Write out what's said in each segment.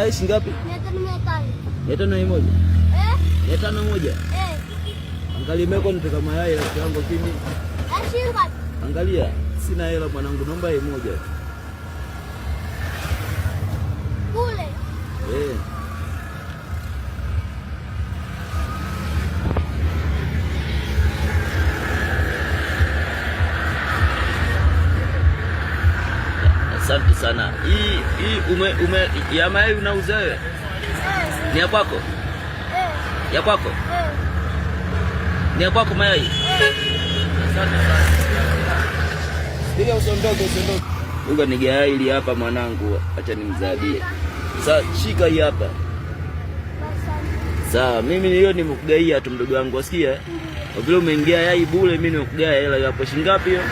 Hai, Unaishi ngapi? Eh? Mia tano na moja. Eh? Mia tano moja. Eh. Angalia meko nitaka mayai rafiki yangu kimi. Eh? Eh, angalia sina hela mwanangu, naomba moja. asante sana. Hii hii ume, ume ya mayai unauza wewe? Eh. Ni ya kwako? Eh. Ya kwako? Eh. Ni ya kwako mayai? Asante sana. Ndio usondoke, usondoke. Uga ni mayai hili hapa mwanangu, acha nimzadie. Sasa shika hii hapa. Sawa, mimi hiyo nimekugaia tu mdogo wangu, wasikia? Mm-hmm. Kwa vile umeingia yai bure, mimi nimekugaia hela hapo shilingi ngapi hiyo?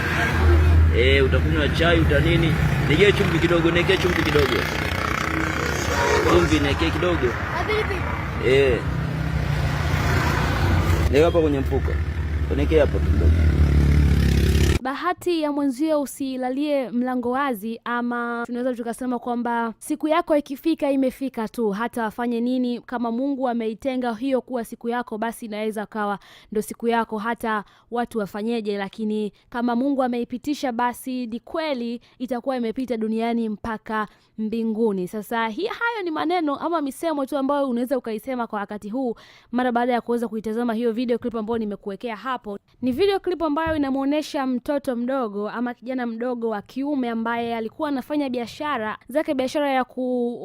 eh, utakunywa chai uta nini, nije chumvi kidogo, niwekee chumvi kidogo, chumvi niwekee kidogo eh, leo hapa kwenye mfuko, niwekee hapo kidogo bahati ya mwenzio usilalie mlango wazi, ama tunaweza tukasema kwamba siku yako ikifika imefika tu, hata wafanye nini. Kama Mungu ameitenga hiyo kuwa siku yako, basi inaweza kawa ndo siku yako, hata watu wafanyeje. Lakini kama Mungu ameipitisha, basi ni kweli itakuwa imepita duniani mpaka mbinguni. Sasa hii, hayo ni maneno ama misemo tu ambayo unaweza ukaisema kwa wakati huu, mara baada ya kuweza kuitazama hiyo video clip ambayo nimekuwekea hapo. Ni video clip ambayo inamuonesha mtoto mtoto mdogo ama kijana mdogo wa kiume ambaye alikuwa anafanya biashara zake biashara ya ku